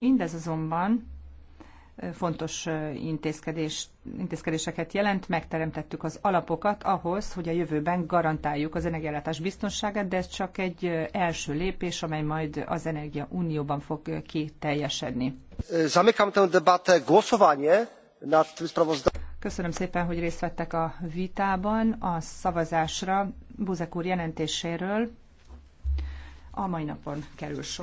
Mindez azonban fontos intézkedés, intézkedéseket jelent, megteremtettük az alapokat ahhoz, hogy a jövőben garantáljuk az energiállátás biztonságát, de ez csak egy első lépés, amely majd az Energia Unióban fog kiteljesedni. Zamykam tę debatę głosowanie nad tym sprawozdaniem. Köszönöm szépen, hogy részt vettek a vitában, a szavazásra Buzek úr jelentéséről a mai napon kerül sor.